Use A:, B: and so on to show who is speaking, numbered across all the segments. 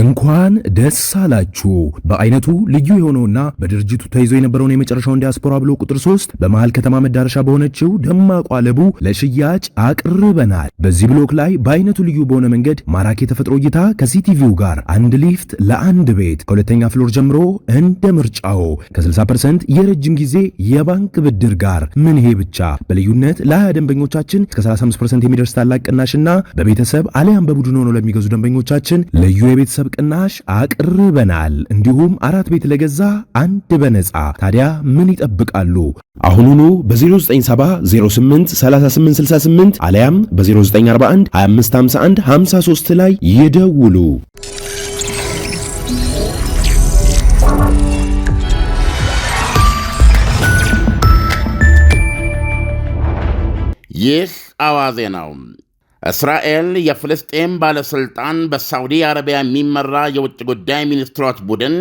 A: እንኳን ደስ አላችሁ። በአይነቱ ልዩ የሆነውና በድርጅቱ ተይዞ የነበረውን የመጨረሻውን ዲያስፖራ ብሎ ቁጥር ሶስት በመሃል ከተማ መዳረሻ በሆነችው ደማቋ ለቡ ለሽያጭ አቅርበናል። በዚህ ብሎክ ላይ በአይነቱ ልዩ በሆነ መንገድ ማራኪ የተፈጥሮ እይታ ከሲቲቪው ጋር አንድ ሊፍት ለአንድ ቤት ከሁለተኛ ፍሎር ጀምሮ እንደ ምርጫው ከ60 ፐርሰንት የረጅም ጊዜ የባንክ ብድር ጋር ምን ይሄ ብቻ በልዩነት ለሀያ ደንበኞቻችን እስከ 35 ፐርሰንት የሚደርስ ታላቅ ቅናሽና በቤተሰብ አሊያም በቡድን ሆኖ ለሚገዙ ደንበኞቻችን ልዩ የቤተሰብ ገንዘብ ቅናሽ አቅርበናል። እንዲሁም አራት ቤት ለገዛ አንድ በነፃ። ታዲያ ምን ይጠብቃሉ? አሁኑኑ በ0970083868 አለያም በ0941 2551 53 ላይ ይደውሉ።
B: ይህ አዋዜ ነው። እስራኤል የፍልስጤም ባለሥልጣን በሳዑዲ አረቢያ የሚመራ የውጭ ጉዳይ ሚኒስትሮች ቡድን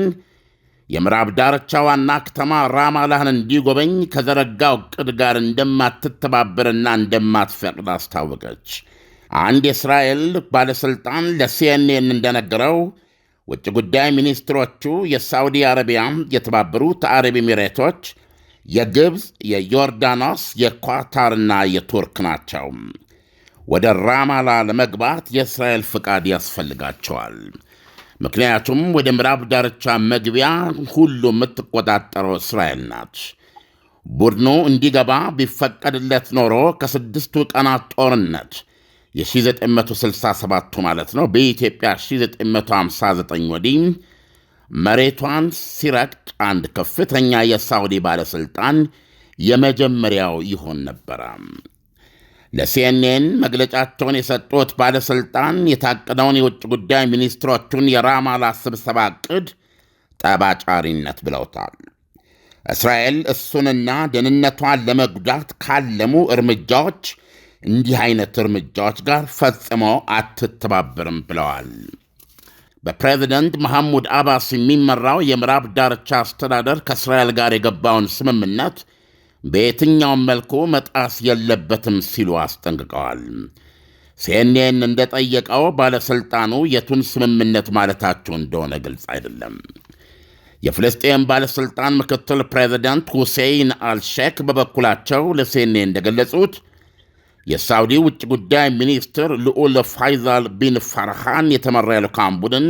B: የምዕራብ ዳርቻ ዋና ከተማ ራማላህን እንዲጎበኝ ከዘረጋው ዕቅድ ጋር እንደማትተባበርና እንደማትፈቅድ አስታወቀች። አንድ የእስራኤል ባለሥልጣን ለሲኤንኤን እንደነገረው ውጭ ጉዳይ ሚኒስትሮቹ የሳውዲ አረቢያ፣ የተባበሩት አረብ ኤሚሬቶች፣ የግብፅ፣ የዮርዳኖስ፣ የኳታርና የቱርክ ናቸው። ወደ ራማላ ለመግባት የእስራኤል ፍቃድ ያስፈልጋቸዋል። ምክንያቱም ወደ ምዕራብ ዳርቻ መግቢያ ሁሉ የምትቆጣጠረው እስራኤል ናት። ቡድኑ እንዲገባ ቢፈቀድለት ኖሮ ከስድስቱ ቀናት ጦርነት የ1967 ማለት ነው በኢትዮጵያ 1959 ወዲህ መሬቷን ሲረግጥ አንድ ከፍተኛ የሳውዲ ባለሥልጣን የመጀመሪያው ይሆን ነበረ። ለሲኤንኤን መግለጫቸውን የሰጡት ባለሥልጣን የታቀደውን የውጭ ጉዳይ ሚኒስትሮቹን የራማላ ስብሰባ ዕቅድ ጠባጫሪነት ብለውታል። እስራኤል እሱንና ደህንነቷን ለመጉዳት ካለሙ እርምጃዎች እንዲህ አይነት እርምጃዎች ጋር ፈጽሞ አትተባበርም ብለዋል። በፕሬዚደንት መሐሙድ አባስ የሚመራው የምዕራብ ዳርቻ አስተዳደር ከእስራኤል ጋር የገባውን ስምምነት በየትኛውም መልኩ መጣስ የለበትም ሲሉ አስጠንቅቀዋል። ሲኤንኤን እንደጠየቀው ባለሥልጣኑ የቱን ስምምነት ማለታቸው እንደሆነ ግልጽ አይደለም። የፍልስጤም ባለሥልጣን ምክትል ፕሬዚደንት ሁሴይን አልሼክ በበኩላቸው ለሲኤንኤን እንደገለጹት የሳውዲ ውጭ ጉዳይ ሚኒስትር ልዑል ፋይዛል ቢን ፈርሃን የተመራ የልዑካን ቡድን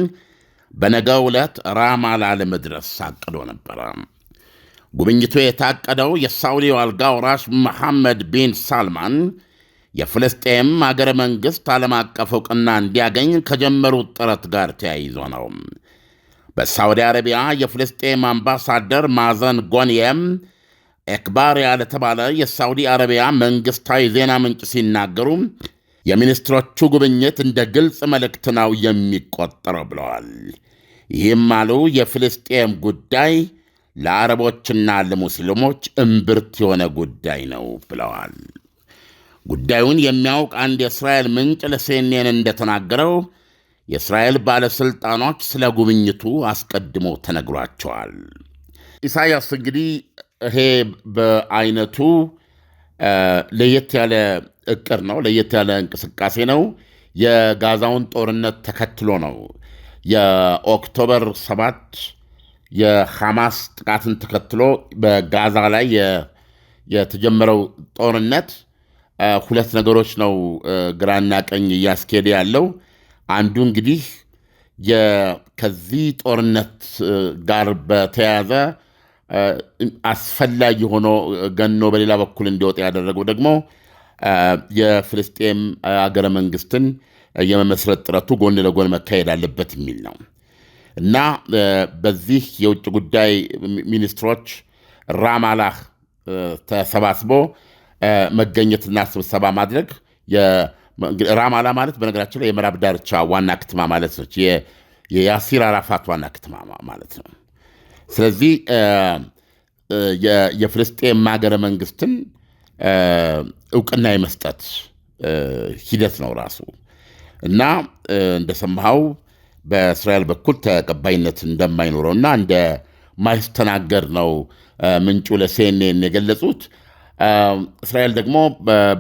B: በነገው ዕለት ራማላ ለመድረስ አቅዶ ነበረ። ጉብኝቱ የታቀደው የሳውዲው አልጋ ወራሽ መሐመድ ቢን ሳልማን የፍልስጤም አገረ መንግሥት ዓለም አቀፍ ዕውቅና እንዲያገኝ ከጀመሩት ጥረት ጋር ተያይዞ ነው። በሳውዲ አረቢያ የፍልስጤም አምባሳደር ማዘን ጎንየም ኤክባሪያ ለተባለ የሳውዲ አረቢያ መንግሥታዊ ዜና ምንጭ ሲናገሩ የሚኒስትሮቹ ጉብኝት እንደ ግልጽ መልእክት ነው የሚቆጠረው ብለዋል። ይህም አሉ የፍልስጤም ጉዳይ ለአረቦችና ለሙስሊሞች እምብርት የሆነ ጉዳይ ነው ብለዋል። ጉዳዩን የሚያውቅ አንድ የእስራኤል ምንጭ ለሴኔን እንደተናገረው የእስራኤል ባለሥልጣኖች ስለ ጉብኝቱ አስቀድሞ ተነግሯቸዋል። ኢሳያስ እንግዲህ ይሄ በአይነቱ ለየት ያለ እቅር ነው፣ ለየት ያለ እንቅስቃሴ ነው። የጋዛውን ጦርነት ተከትሎ ነው የኦክቶበር ሰባት የሐማስ ጥቃትን ተከትሎ በጋዛ ላይ የተጀመረው ጦርነት ሁለት ነገሮች ነው ግራና ቀኝ እያስኬደ ያለው። አንዱ እንግዲህ ከዚህ ጦርነት ጋር በተያያዘ አስፈላጊ ሆኖ ገኖ በሌላ በኩል እንዲወጣ ያደረገው ደግሞ የፍልስጤም አገረ መንግስትን የመመስረት ጥረቱ ጎን ለጎን መካሄድ አለበት የሚል ነው። እና በዚህ የውጭ ጉዳይ ሚኒስትሮች ራማላህ ተሰባስቦ መገኘትና ስብሰባ ማድረግ ራማላ ማለት በነገራችን ላይ የምዕራብ ዳርቻ ዋና ከተማ ማለት ነች። የያሲር አራፋት ዋና ከተማ ማለት ነው። ስለዚህ የፍልስጤም ሀገረ መንግስትን እውቅና የመስጠት ሂደት ነው ራሱ እና እንደሰማኸው በእስራኤል በኩል ተቀባይነት እንደማይኖረውና እንደማይስተናገድ ነው ምንጩ ለሲኤንኤን የገለጹት። እስራኤል ደግሞ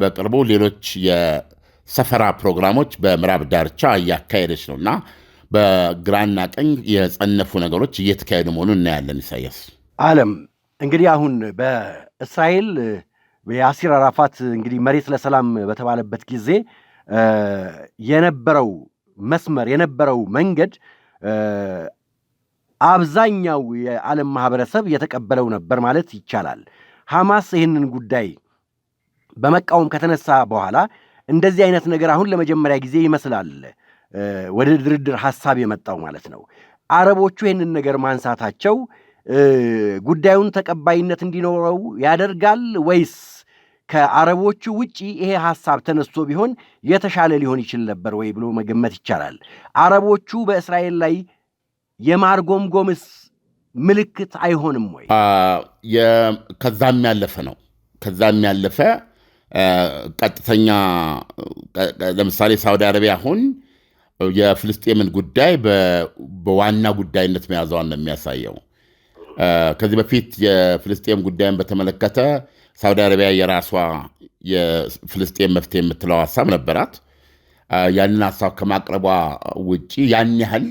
B: በቅርቡ ሌሎች የሰፈራ ፕሮግራሞች በምዕራብ ዳርቻ እያካሄደች ነው እና በግራና ቀኝ የጸነፉ ነገሮች እየተካሄዱ መሆኑን እናያለን። ኢሳያስ
C: አለም እንግዲህ አሁን በእስራኤል የአሲር አራፋት እንግዲህ መሬት ለሰላም በተባለበት ጊዜ የነበረው መስመር የነበረው መንገድ አብዛኛው የዓለም ማህበረሰብ የተቀበለው ነበር ማለት ይቻላል። ሐማስ ይህንን ጉዳይ በመቃወም ከተነሳ በኋላ እንደዚህ አይነት ነገር አሁን ለመጀመሪያ ጊዜ ይመስላል ወደ ድርድር ሐሳብ የመጣው ማለት ነው። አረቦቹ ይህንን ነገር ማንሳታቸው ጉዳዩን ተቀባይነት እንዲኖረው ያደርጋል ወይስ ከአረቦቹ ውጪ ይሄ ሐሳብ ተነስቶ ቢሆን የተሻለ ሊሆን ይችል ነበር ወይ ብሎ መገመት ይቻላል። አረቦቹ በእስራኤል ላይ የማርጎምጎምስ ምልክት አይሆንም ወይ?
B: ከዛም ያለፈ ነው። ከዛም ያለፈ ቀጥተኛ ለምሳሌ ሳውዲ አረቢያ አሁን የፍልስጤምን ጉዳይ በዋና ጉዳይነት መያዘዋን ነው የሚያሳየው። ከዚህ በፊት የፍልስጤም ጉዳይን በተመለከተ ሳውዲ አረቢያ የራሷ የፍልስጤን መፍትሄ የምትለው ሀሳብ ነበራት። ያንን ሀሳብ ከማቅረቧ ውጭ ያን ያህል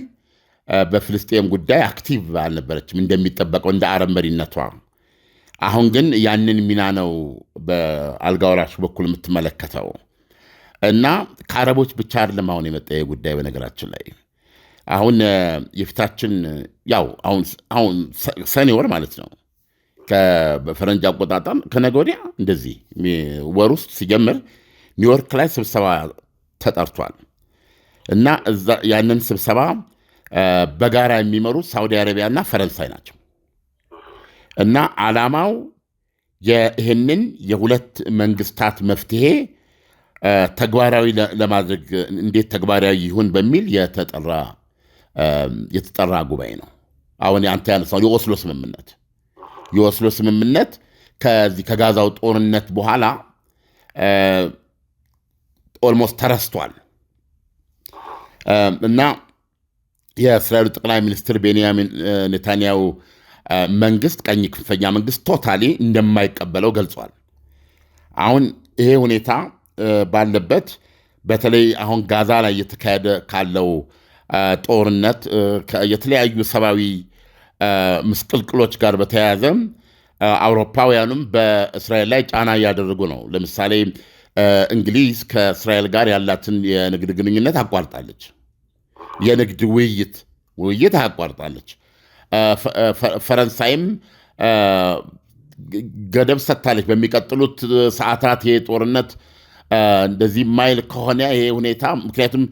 B: በፍልስጤን ጉዳይ አክቲቭ አልነበረችም እንደሚጠበቀው እንደ አረብ መሪነቷ። አሁን ግን ያንን ሚና ነው በአልጋ በኩል የምትመለከተው እና ከአረቦች ብቻ አይደለም አሁን የመጣ ጉዳይ። በነገራችን ላይ አሁን የፊታችን ያው አሁን ሰኔ ወር ማለት ነው ከፈረንጅ አቆጣጠር ከነገ ወዲያ እንደዚህ ወር ውስጥ ሲጀምር ኒውዮርክ ላይ ስብሰባ ተጠርቷል እና ያንን ስብሰባ በጋራ የሚመሩት ሳውዲ አረቢያ ና ፈረንሳይ ናቸው እና ዓላማው ይህንን የሁለት መንግስታት መፍትሄ ተግባራዊ ለማድረግ እንዴት ተግባራዊ ይሁን በሚል የተጠራ ጉባኤ ነው። አሁን አንተ ያነሳው የኦስሎ ስምምነት የኦስሎ ስምምነት ከዚህ ከጋዛው ጦርነት በኋላ ኦልሞስት ተረስቷል እና የእስራኤሉ ጠቅላይ ሚኒስትር ቤንያሚን ኔታንያሁ መንግስት ቀኝ ክንፈኛ መንግስት ቶታሊ እንደማይቀበለው ገልጿል። አሁን ይሄ ሁኔታ ባለበት በተለይ አሁን ጋዛ ላይ እየተካሄደ ካለው ጦርነት የተለያዩ ሰብአዊ ምስቅልቅሎች ጋር በተያያዘ አውሮፓውያኑም በእስራኤል ላይ ጫና እያደረጉ ነው። ለምሳሌ እንግሊዝ ከእስራኤል ጋር ያላትን የንግድ ግንኙነት አቋርጣለች። የንግድ ውይይት ውይይት አቋርጣለች። ፈረንሳይም ገደብ ሰጥታለች። በሚቀጥሉት ሰዓታት ይሄ ጦርነት እንደዚህ ማይል ከሆነ ይሄ ሁኔታ ምክንያቱም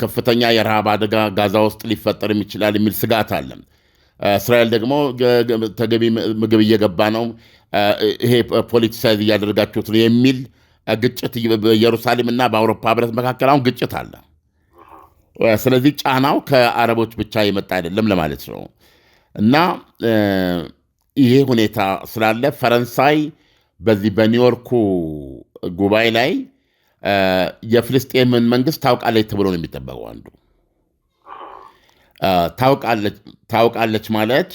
B: ከፍተኛ የረሃብ አደጋ ጋዛ ውስጥ ሊፈጠርም ይችላል የሚል ስጋት አለን። እስራኤል ደግሞ ተገቢ ምግብ እየገባ ነው፣ ይሄ ፖለቲሳይዝ እያደረጋችሁት ነው የሚል ግጭት በኢየሩሳሌም እና በአውሮፓ ህብረት መካከል አሁን ግጭት አለ። ስለዚህ ጫናው ከአረቦች ብቻ የመጣ አይደለም ለማለት ነው እና ይሄ ሁኔታ ስላለ ፈረንሳይ በዚህ በኒውዮርኩ ጉባኤ ላይ የፍልስጤምን መንግስት ታውቃለች ተብሎ ነው የሚጠበቀው አንዱ ታውቃለች ማለት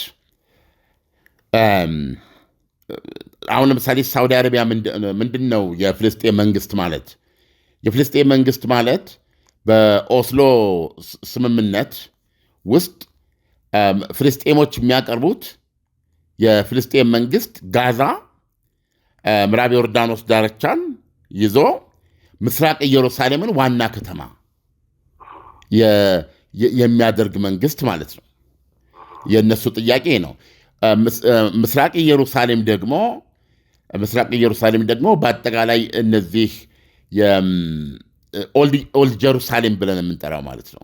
B: አሁን ለምሳሌ ሳውዲ አረቢያ ምንድን ነው የፍልስጤን መንግስት ማለት? የፍልስጤን መንግስት ማለት በኦስሎ ስምምነት ውስጥ ፍልስጤሞች የሚያቀርቡት የፍልስጤን መንግስት ጋዛ፣ ምዕራብ ዮርዳኖስ ዳርቻን ይዞ ምስራቅ ኢየሩሳሌምን ዋና ከተማ የሚያደርግ መንግስት ማለት ነው። የእነሱ ጥያቄ ነው። ምስራቅ ኢየሩሳሌም ደግሞ ምስራቅ ኢየሩሳሌም ደግሞ በአጠቃላይ እነዚህ ኦልድ ጀሩሳሌም ብለን የምንጠራው ማለት ነው።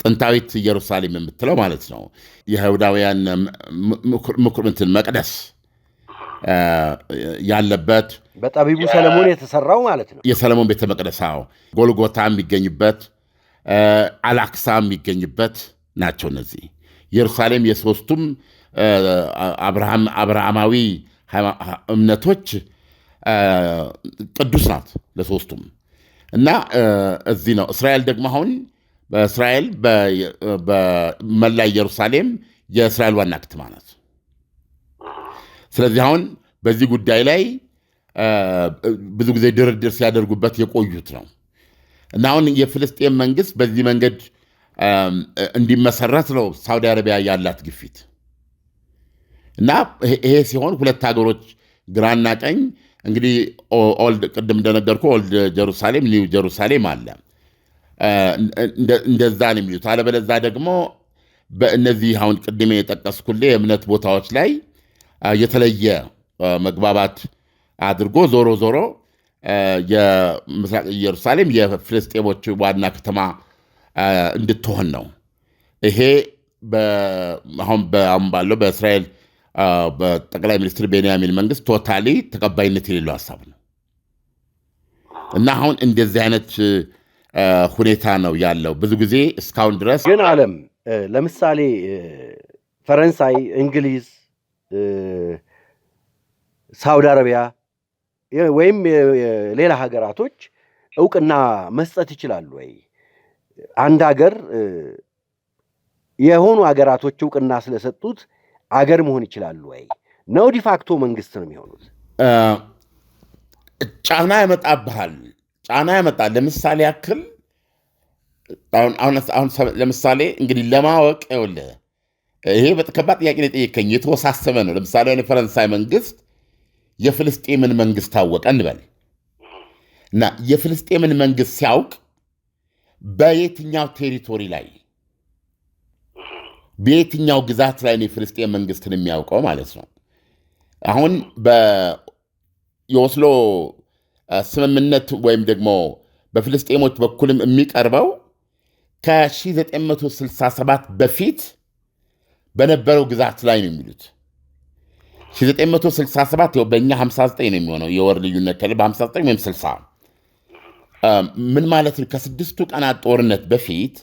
B: ጥንታዊት ኢየሩሳሌም የምትለው ማለት ነው። የአይሁዳውያን ምኩርምትን መቅደስ ያለበት
C: በጠቢቡ ሰለሞን የተሰራው ማለት ነው።
B: የሰለሞን ቤተ መቅደስ ጎልጎታ የሚገኝበት አላክሳ የሚገኝበት ናቸው። እነዚህ ኢየሩሳሌም የሶስቱም አብርሃማዊ እምነቶች ቅዱስ ናት ለሶስቱም እና እዚህ ነው። እስራኤል ደግሞ አሁን በእስራኤል በመላ ኢየሩሳሌም የእስራኤል ዋና ከተማ ናት። ስለዚህ አሁን በዚህ ጉዳይ ላይ ብዙ ጊዜ ድርድር ሲያደርጉበት የቆዩት ነው። እና አሁን የፍልስጤን መንግስት በዚህ መንገድ እንዲመሰረት ነው ሳውዲ አረቢያ ያላት ግፊት እና ይሄ ሲሆን ሁለት ሀገሮች ግራና ቀኝ እንግዲህ ኦልድ ቅድም እንደነገርኩ ኦልድ ጀሩሳሌም ኒው ጀሩሳሌም አለ እንደዛ ነው የሚሉት። አለበለዛ ደግሞ በእነዚህ አሁን ቅድሜ የጠቀስኩልህ የእምነት ቦታዎች ላይ የተለየ መግባባት አድርጎ ዞሮ ዞሮ የምስራቅ ኢየሩሳሌም የፍልስጤሞች ዋና ከተማ እንድትሆን ነው። ይሄ አሁን ባለው በእስራኤል በጠቅላይ ሚኒስትር ቤንያሚን መንግስት ቶታሊ ተቀባይነት የሌለው ሀሳብ ነው እና አሁን እንደዚህ አይነት ሁኔታ ነው ያለው። ብዙ ጊዜ እስካሁን ድረስ
C: ግን ዓለም ለምሳሌ ፈረንሳይ፣ እንግሊዝ፣ ሳውዲ አረቢያ ወይም ሌላ ሀገራቶች እውቅና መስጠት ይችላሉ ወይ? አንድ ሀገር የሆኑ ሀገራቶች እውቅና ስለሰጡት አገር መሆን ይችላሉ ወይ? ነው ዲፋክቶ መንግስት ነው የሚሆኑት?
B: ጫና ያመጣብሃል። ጫና ያመጣል። ለምሳሌ ያክል ለምሳሌ እንግዲህ ለማወቅ ይኸውልህ ይሄ ከባድ ጥያቄ ነው የጠየከኝ። የተወሳሰበ ነው። ለምሳሌ የፈረንሳይ መንግስት የፍልስጤምን መንግስት ታወቀ እንበል እና የፍልስጤምን መንግስት ሲያውቅ በየትኛው ቴሪቶሪ ላይ በየትኛው ግዛት ላይ ነው የፍልስጤን መንግስትን የሚያውቀው ማለት ነው። አሁን የኦስሎ ስምምነት ወይም ደግሞ በፍልስጤሞች በኩልም የሚቀርበው ከ1967 በፊት በነበረው ግዛት ላይ ነው የሚሉት 967 በእኛ 59 ነው የሚሆነው የወር ልዩነት ከ በ59 ወይም 60 ምን ማለት ነው? ከስድስቱ ቀናት ጦርነት በፊት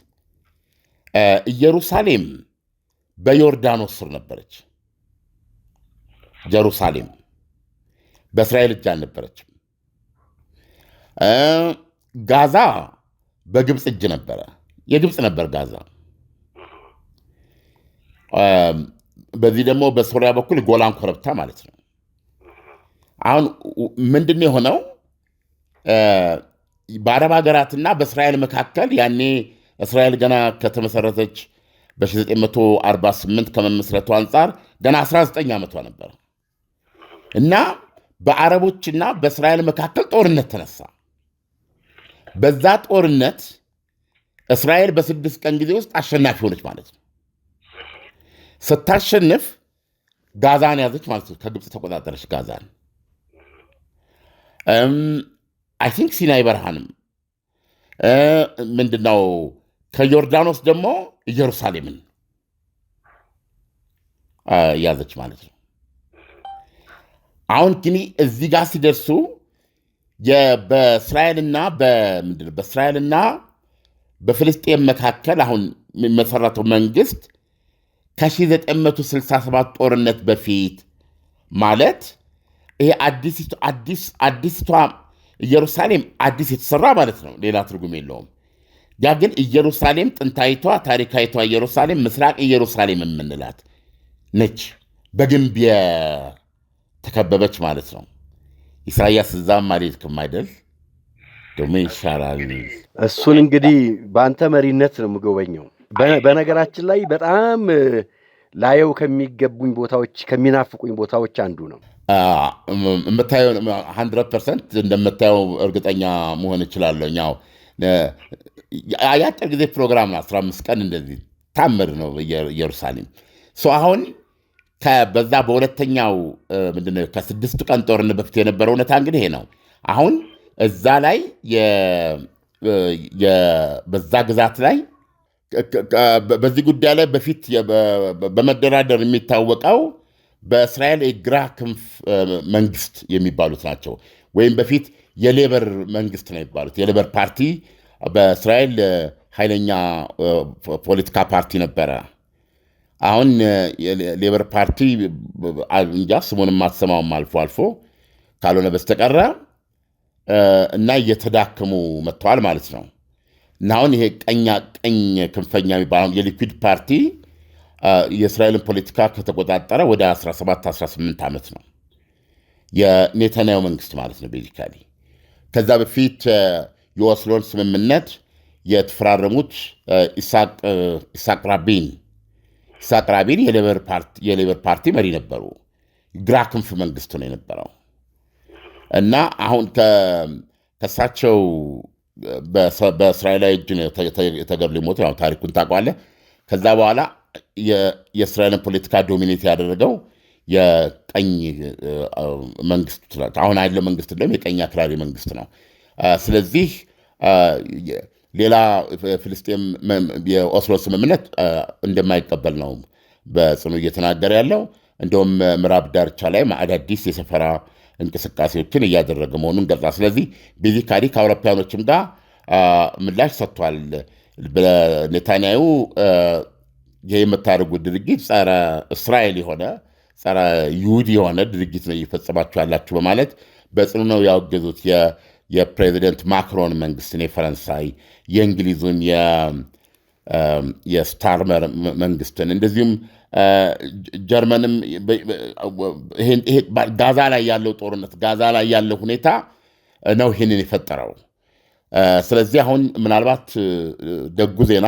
B: ኢየሩሳሌም በዮርዳኖስ ስር ነበረች። ጀሩሳሌም በእስራኤል እጅ አልነበረችም። ጋዛ በግብፅ እጅ ነበረ፣ የግብፅ ነበር ጋዛ። በዚህ ደግሞ በሶሪያ በኩል ጎላን ኮረብታ ማለት ነው። አሁን ምንድን የሆነው? በአረብ ሀገራትና በእስራኤል መካከል ያኔ እስራኤል ገና ከተመሰረተች በ1948 ከመመስረቱ አንጻር ገና 19 ዓመቷ ነበር እና በአረቦችና በእስራኤል መካከል ጦርነት ተነሳ። በዛ ጦርነት እስራኤል በስድስት ቀን ጊዜ ውስጥ አሸናፊ ሆነች ማለት ነው። ስታሸንፍ ጋዛን ያዘች ማለት ነው። ከግብፅ ተቆጣጠረች ጋዛን። አይ ቲንክ ሲናይ በረሃንም ምንድነው ከዮርዳኖስ ደግሞ ኢየሩሳሌምን ያዘች ማለት ነው። አሁን ግን እዚህ ጋር ሲደርሱ በእስራኤልና በእስራኤልና በፍልስጤም መካከል አሁን የመሰረተው መንግስት ከ1967 ጦርነት በፊት ማለት ይሄ አዲስቷ ኢየሩሳሌም አዲስ የተሰራ ማለት ነው። ሌላ ትርጉም የለውም። ያ ግን ኢየሩሳሌም ጥንታዊቷ ታሪካዊቷ ኢየሩሳሌም ምስራቅ ኢየሩሳሌም የምንላት ነች። በግንብ የተከበበች ማለት ነው። ኢሳያስ እዛም አልሄድክም አይደል? ደሞ ይሻላል።
C: እሱን እንግዲህ በአንተ መሪነት ነው የምጎበኘው። በነገራችን ላይ በጣም ላየው ከሚገቡኝ ቦታዎች ከሚናፍቁኝ ቦታዎች አንዱ ነው።
B: የምታየው ሀንድረድ ፐርሰንት እንደምታየው እርግጠኛ መሆን እችላለሁ። ያው የአጭር ጊዜ ፕሮግራም ነው፣ አምስት ቀን እንደዚህ ታምር ነው ኢየሩሳሌም። አሁን በዛ በሁለተኛው ምንድነው ከስድስቱ ቀን ጦርነት በፊት የነበረው እውነታ እንግዲህ ይሄ ነው። አሁን እዛ ላይ በዛ ግዛት ላይ በዚህ ጉዳይ ላይ በፊት በመደራደር የሚታወቀው በእስራኤል የግራ ክንፍ መንግስት የሚባሉት ናቸው። ወይም በፊት የሌበር መንግስት ነው የሚባሉት። የሌበር ፓርቲ በእስራኤል ኃይለኛ ፖለቲካ ፓርቲ ነበረ። አሁን ሌበር ፓርቲ እንጃ ስሙን ማሰማውም አልፎ አልፎ ካልሆነ በስተቀረ እና እየተዳከሙ መጥተዋል ማለት ነው። ናሁን ይሄ ቀኛ ቀኝ ክንፈኛ የሚባለው የሊኩድ ፓርቲ የእስራኤልን ፖለቲካ ከተቆጣጠረ ወደ 17 18 ዓመት ነው የኔታንያው መንግስት ማለት ነው ቤዚካሊ። ከዛ በፊት የኦስሎን ስምምነት የተፈራረሙት ኢሳቅ ራቢን ኢሳቅ ራቢን የሌበር ፓርቲ መሪ ነበሩ። ግራ ክንፍ መንግስት ነው የነበረው እና አሁን ከሳቸው በእስራኤላዊ እጅ ነው የተገደሉት። ያው ታሪኩን ታውቀዋለህ። ከዛ በኋላ የእስራኤልን ፖለቲካ ዶሚኔት ያደረገው የቀኝ መንግስት፣ አሁን ያለው መንግስት ደግሞ የቀኝ አክራሪ መንግስት ነው። ስለዚህ ሌላ ፍልስጤም የኦስሎ ስምምነት እንደማይቀበል ነው በጽኑ እየተናገረ ያለው። እንደውም ምዕራብ ዳርቻ ላይ አዳዲስ የሰፈራ እንቅስቃሴዎችን እያደረገ መሆኑን ገልጻ ስለዚህ ቤዚካሊ ከአውሮፓያኖችም ጋር ምላሽ ሰጥቷል። ኔታንያሁ ይህ የምታደርጉት ድርጊት ጸረ እስራኤል የሆነ ጸረ ይሁድ የሆነ ድርጊት ነው እየፈጸማችሁ ያላችሁ በማለት በጽኑ ነው ያወገዙት የፕሬዚደንት ማክሮን መንግስትን፣ የፈረንሳይ የእንግሊዙን የስታርመር um, መንግስትን እንደዚሁም uh, ጀርመንም ጋዛ ላይ ያለው ጦርነት ጋዛ ላይ ያለው ሁኔታ ነው ይህንን የፈጠረው። uh, ስለዚህ አሁን ምናልባት uh, ደጉ ዜና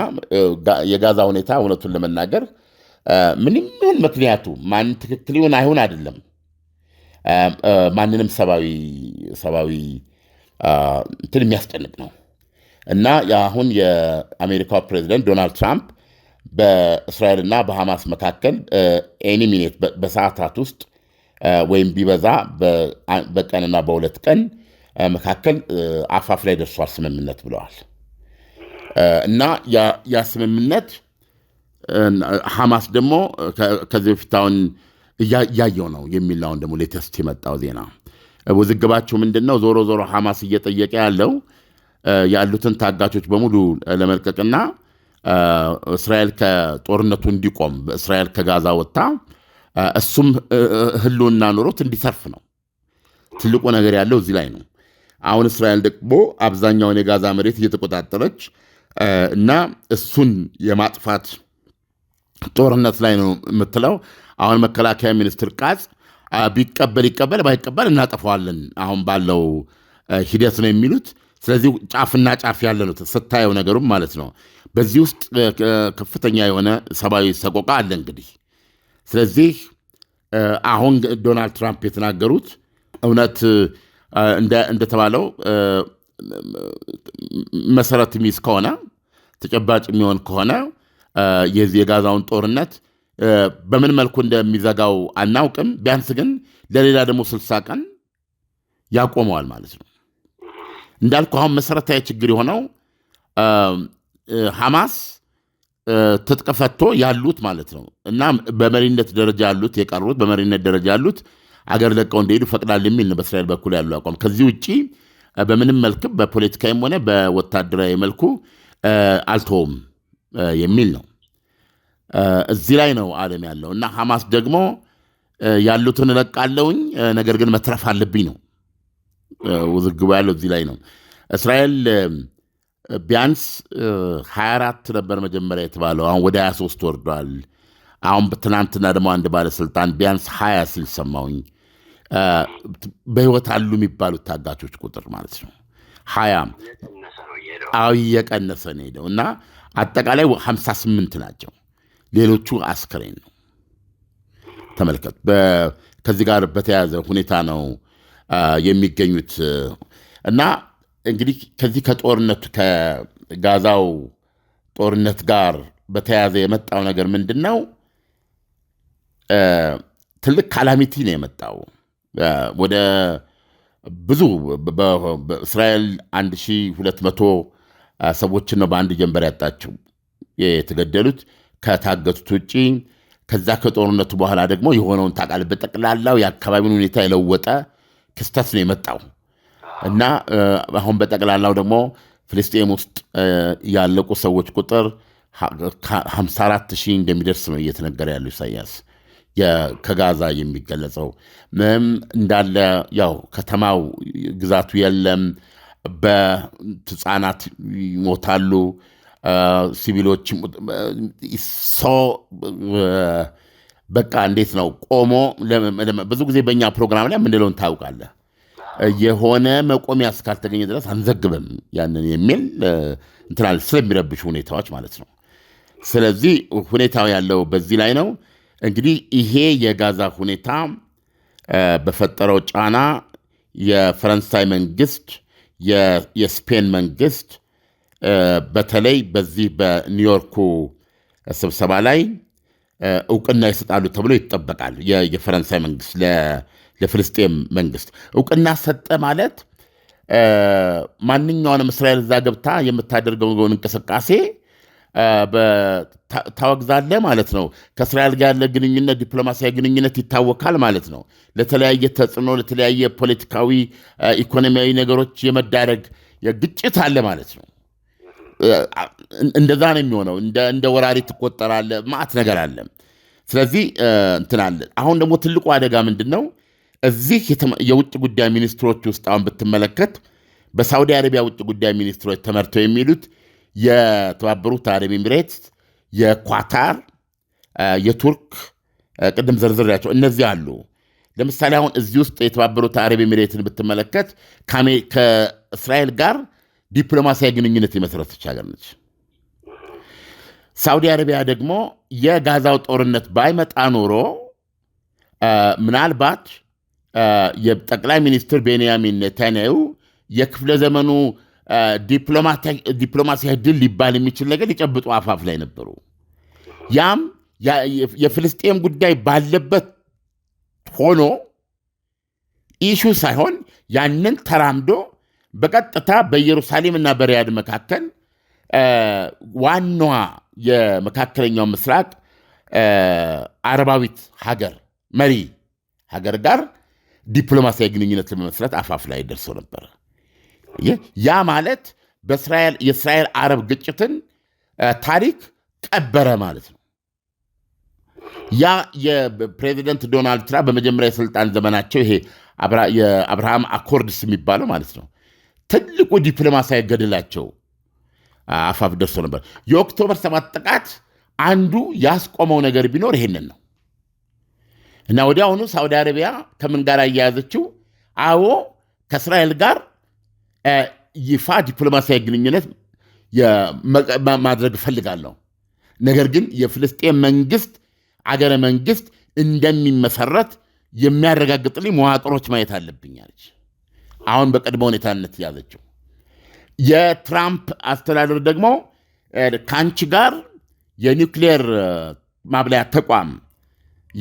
B: የጋዛ ሁኔታ እውነቱን ለመናገር ምንም ይሁን ምክንያቱ ማን ትክክል ይሁን አይሁን አይደለም፣ ማንንም ሰብአዊ እንትን የሚያስጨንቅ ነው። እና አሁን የአሜሪካው ፕሬዚደንት ዶናልድ ትራምፕ በእስራኤልና በሐማስ መካከል ኤኒ ሚኒት በሰዓታት ውስጥ ወይም ቢበዛ በቀንና በሁለት ቀን መካከል አፋፍ ላይ ደርሷል ስምምነት ብለዋል። እና ያ ስምምነት ሐማስ ደግሞ ከዚህ በፊት አሁን እያየው ነው የሚል አሁን ደግሞ ሌተስት የመጣው ዜና ውዝግባቸው ምንድን ነው? ዞሮ ዞሮ ሐማስ እየጠየቀ ያለው ያሉትን ታጋቾች በሙሉ ለመልቀቅና እስራኤል ከጦርነቱ እንዲቆም እስራኤል ከጋዛ ወጥታ እሱም ህልውና ኑሮት እንዲተርፍ ነው። ትልቁ ነገር ያለው እዚህ ላይ ነው። አሁን እስራኤል ደግሞ አብዛኛውን የጋዛ መሬት እየተቆጣጠረች እና እሱን የማጥፋት ጦርነት ላይ ነው የምትለው። አሁን መከላከያ ሚኒስትር ቃጽ ቢቀበል ይቀበል፣ ባይቀበል እናጠፋዋለን አሁን ባለው ሂደት ነው የሚሉት። ስለዚህ ጫፍና ጫፍ ያለ ነው ስታየው ነገሩም ማለት ነው። በዚህ ውስጥ ከፍተኛ የሆነ ሰብአዊ ሰቆቃ አለ እንግዲህ። ስለዚህ አሁን ዶናልድ ትራምፕ የተናገሩት እውነት እንደተባለው መሰረት ሚዝ ከሆነ ተጨባጭ የሚሆን ከሆነ የዚህ የጋዛውን ጦርነት በምን መልኩ እንደሚዘጋው አናውቅም። ቢያንስ ግን ለሌላ ደግሞ ስልሳ ቀን ያቆመዋል ማለት ነው። እንዳልኩ አሁን መሰረታዊ ችግር የሆነው ሐማስ ትጥቅ ፈቶ ያሉት ማለት ነው እና በመሪነት ደረጃ ያሉት የቀሩት በመሪነት ደረጃ ያሉት አገር ለቀው እንደሄዱ ፈቅዳል የሚል ነው በእስራኤል በኩል ያሉ አቋም። ከዚህ ውጭ በምንም መልክ በፖለቲካዊም ሆነ በወታደራዊ መልኩ አልተውም የሚል ነው። እዚህ ላይ ነው ዓለም ያለው እና ሐማስ ደግሞ ያሉትን እለቃለሁኝ ነገር ግን መትረፍ አለብኝ ነው ውዝግቡ ያለው እዚህ ላይ ነው። እስራኤል ቢያንስ 24 ነበር መጀመሪያ የተባለው፣ አሁን ወደ 23 ወርዷል። አሁን ትናንትና ደግሞ አንድ ባለስልጣን ቢያንስ 20 ሲል ሰማውኝ በህይወት አሉ የሚባሉት ታጋቾች ቁጥር ማለት ነው ሀያ አዊ እየቀነሰ ነው ሄደው እና አጠቃላይ 58 ናቸው። ሌሎቹ አስክሬን ነው። ተመልከት። ከዚህ ጋር በተያያዘ ሁኔታ ነው የሚገኙት እና እንግዲህ ከዚህ ከጦርነቱ ከጋዛው ጦርነት ጋር በተያያዘ የመጣው ነገር ምንድን ነው? ትልቅ ካላሚቲ ነው የመጣው ወደ ብዙ በእስራኤል 1200 ሰዎችን ነው በአንድ ጀንበር ያጣቸው የተገደሉት ከታገቱት ውጪ። ከዛ ከጦርነቱ በኋላ ደግሞ የሆነውን ታውቃለህ፣ በጠቅላላው የአካባቢውን ሁኔታ የለወጠ ክስተት ነው የመጣው እና አሁን በጠቅላላው ደግሞ ፍልስጤም ውስጥ ያለቁ ሰዎች ቁጥር 54 ሺህ እንደሚደርስ ነው እየተነገረ ያሉ ኢሳያስ ከጋዛ የሚገለጸው ምንም እንዳለ ያው ከተማው ግዛቱ የለም። በህፃናት ይሞታሉ፣ ሲቪሎች ሰው በቃ እንዴት ነው ቆሞ ብዙ ጊዜ በእኛ ፕሮግራም ላይ የምንለውን ታውቃለህ፣ የሆነ መቆሚያ እስካልተገኘ ድረስ አንዘግብም ያንን የሚል እንትናል ስለሚረብሹ ሁኔታዎች ማለት ነው። ስለዚህ ሁኔታው ያለው በዚህ ላይ ነው። እንግዲህ ይሄ የጋዛ ሁኔታ በፈጠረው ጫና የፈረንሳይ መንግስት፣ የስፔን መንግስት በተለይ በዚህ በኒውዮርኩ ስብሰባ ላይ እውቅና ይሰጣሉ ተብሎ ይጠበቃል። የፈረንሳይ መንግስት ለፍልስጤም መንግስት እውቅና ሰጠ ማለት ማንኛውንም እስራኤል እዛ ገብታ የምታደርገውን እንቅስቃሴ ታወግዛለ ማለት ነው። ከእስራኤል ጋር ያለ ግንኙነት ዲፕሎማሲያዊ ግንኙነት ይታወካል ማለት ነው። ለተለያየ ተጽዕኖ፣ ለተለያየ ፖለቲካዊ ኢኮኖሚያዊ ነገሮች የመዳረግ ግጭት አለ ማለት ነው። እንደዛ ነው የሚሆነው። እንደ ወራሪ ትቆጠራለ። ማት ነገር አለ። ስለዚህ እንትናለ አሁን ደግሞ ትልቁ አደጋ ምንድን ነው? እዚህ የውጭ ጉዳይ ሚኒስትሮች ውስጥ አሁን ብትመለከት በሳውዲ አረቢያ ውጭ ጉዳይ ሚኒስትሮች ተመርተው የሚሉት የተባበሩት አረብ ኤሚሬትስ፣ የኳታር፣ የቱርክ ቅድም ዘርዝሬያቸው እነዚህ አሉ። ለምሳሌ አሁን እዚህ ውስጥ የተባበሩት አረብ ኤሚሬትን ብትመለከት ከእስራኤል ጋር ዲፕሎማሲያዊ ግንኙነት የመሰረተች ሀገር ነች። ሳውዲ አረቢያ ደግሞ የጋዛው ጦርነት ባይመጣ ኖሮ ምናልባት የጠቅላይ ሚኒስትር ቤንያሚን ኔታንያሁ የክፍለ ዘመኑ ዲፕሎማሲያዊ ድል ሊባል የሚችል ነገር ሊጨብጡ አፋፍ ላይ ነበሩ። ያም የፍልስጤም ጉዳይ ባለበት ሆኖ ኢሹ ሳይሆን ያንን ተራምዶ በቀጥታ በኢየሩሳሌምና በሪያድ መካከል ዋናዋ የመካከለኛው ምስራቅ አረባዊት ሀገር መሪ ሀገር ጋር ዲፕሎማሲያዊ ግንኙነት ለመመስረት አፋፍ ላይ ደርሶ ነበር ያ ማለት የእስራኤል አረብ ግጭትን ታሪክ ቀበረ ማለት ነው። ያ የፕሬዚደንት ዶናልድ ትራምፕ በመጀመሪያ የስልጣን ዘመናቸው ይሄ የአብርሃም አኮርድስ የሚባለው ማለት ነው ትልቁ ዲፕሎማሲያዊ ገድላቸው አፋፍ ደርሶ ነበር። የኦክቶበር ሰባት ጥቃት አንዱ ያስቆመው ነገር ቢኖር ይሄንን ነው እና ወዲያውኑ ሳውዲ አረቢያ ከምን ጋር እያያዘችው? አዎ ከእስራኤል ጋር ይፋ ዲፕሎማሲያዊ ግንኙነት ማድረግ እፈልጋለሁ፣ ነገር ግን የፍልስጤን መንግስት አገረ መንግስት እንደሚመሰረት የሚያረጋግጥልኝ መዋቅሮች ማየት አለብኝ አለች። አሁን በቅድመ ሁኔታነት ያዘችው። የትራምፕ አስተዳደር ደግሞ ከአንቺ ጋር የኒውክሌር ማብላያ ተቋም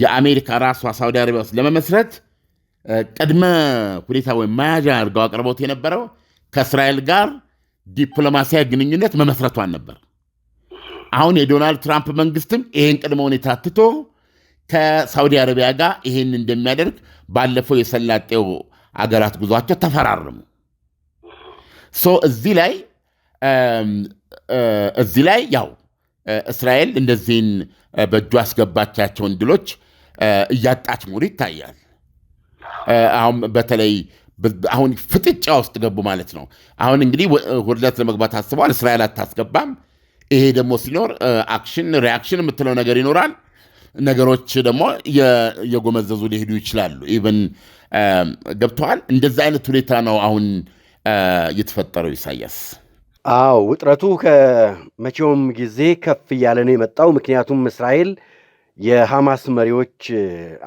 B: የአሜሪካ ራሷ ሳውዲ አረቢያ ውስጥ ለመመስረት ቅድመ ሁኔታ ወይም መያዣ አድርገው አቅርቦት የነበረው ከእስራኤል ጋር ዲፕሎማሲያዊ ግንኙነት መመስረቷን ነበር። አሁን የዶናልድ ትራምፕ መንግስትም ይህን ቅድመ ሁኔታ ትቶ ከሳውዲ አረቢያ ጋር ይህን እንደሚያደርግ ባለፈው የሰላጤው አገራት ጉዟቸው ተፈራረሙ። እዚህ ላይ እዚህ ላይ ያው እስራኤል እንደዚህን በእጁ ያስገባቻቸውን ድሎች እያጣች መሆኑ ይታያል። አሁን በተለይ አሁን ፍጥጫ ውስጥ ገቡ ማለት ነው። አሁን እንግዲህ ውርደት ለመግባት አስበዋል። እስራኤል አታስገባም። ይሄ ደግሞ ሲኖር አክሽን ሪያክሽን የምትለው ነገር ይኖራል። ነገሮች ደግሞ የጎመዘዙ ሊሄዱ ይችላሉ ኢቨን ገብተዋል። እንደዛ አይነት ሁኔታ ነው አሁን የተፈጠረው። ኢሳያስ
C: አዎ፣ ውጥረቱ ከመቼውም ጊዜ ከፍ እያለ ነው የመጣው። ምክንያቱም እስራኤል የሐማስ መሪዎች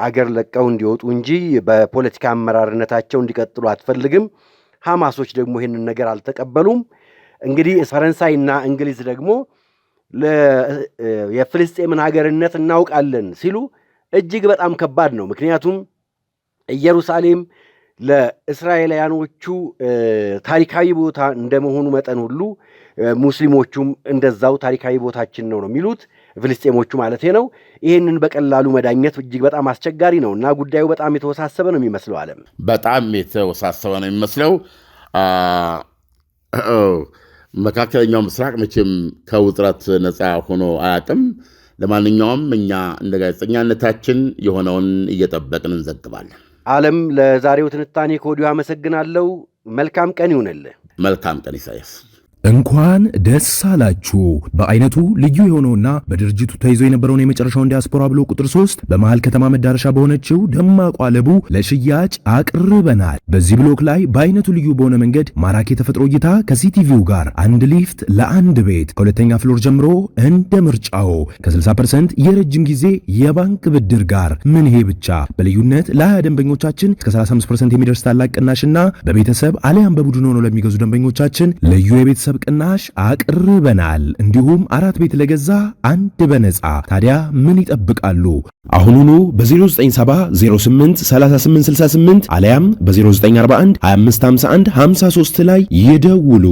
C: አገር ለቀው እንዲወጡ እንጂ በፖለቲካ አመራርነታቸው እንዲቀጥሉ አትፈልግም። ሐማሶች ደግሞ ይህንን ነገር አልተቀበሉም። እንግዲህ ፈረንሳይና እንግሊዝ ደግሞ የፍልስጤምን ሀገርነት እናውቃለን ሲሉ እጅግ በጣም ከባድ ነው። ምክንያቱም ኢየሩሳሌም ለእስራኤላውያኖቹ ታሪካዊ ቦታ እንደመሆኑ መጠን ሁሉ ሙስሊሞቹም እንደዛው ታሪካዊ ቦታችን ነው ነው የሚሉት ፍልስጤሞቹ ማለት ነው። ይህንን በቀላሉ መዳኘት እጅግ በጣም አስቸጋሪ ነው እና ጉዳዩ በጣም የተወሳሰበ ነው የሚመስለው። ዓለም
B: በጣም የተወሳሰበ ነው የሚመስለው። መካከለኛው ምስራቅ መቼም ከውጥረት ነፃ ሆኖ አያውቅም። ለማንኛውም እኛ እንደ ጋዜጠኛነታችን የሆነውን እየጠበቅን እንዘግባለን።
C: አለም ለዛሬው ትንታኔ ከወዲሁ አመሰግናለሁ። መልካም ቀን ይሁንልህ።
B: መልካም ቀን ኢሳያስ።
A: እንኳን ደስ አላችሁ። በአይነቱ ልዩ የሆነውና በድርጅቱ ተይዞ የነበረውን የመጨረሻውን ዲያስፖራ ብሎ ቁጥር ሶስት በመሃል ከተማ መዳረሻ በሆነችው ደማቋ ለቡ ለሽያጭ አቅርበናል። በዚህ ብሎክ ላይ በአይነቱ ልዩ በሆነ መንገድ ማራኪ የተፈጥሮ እይታ ከሲቲቪው ጋር አንድ ሊፍት ለአንድ ቤት ከሁለተኛ ፍሎር ጀምሮ እንደ ምርጫው ከ60 ፐርሰንት የረጅም ጊዜ የባንክ ብድር ጋር ምን ይሄ ብቻ በልዩነት ለሀያ ደንበኞቻችን እስከ 35 ፐርሰንት የሚደርስ ታላቅ ቅናሽና በቤተሰብ አሊያም በቡድን ሆኖ ለሚገዙ ደንበኞቻችን ልዩ የቤተሰብ ገንዘብ ቅናሽ አቅርበናል። እንዲሁም አራት ቤት ለገዛ አንድ በነፃ። ታዲያ ምን ይጠብቃሉ? አሁኑኑ በ0970083868 አለያም በ0941 2551 53 ላይ ይደውሉ።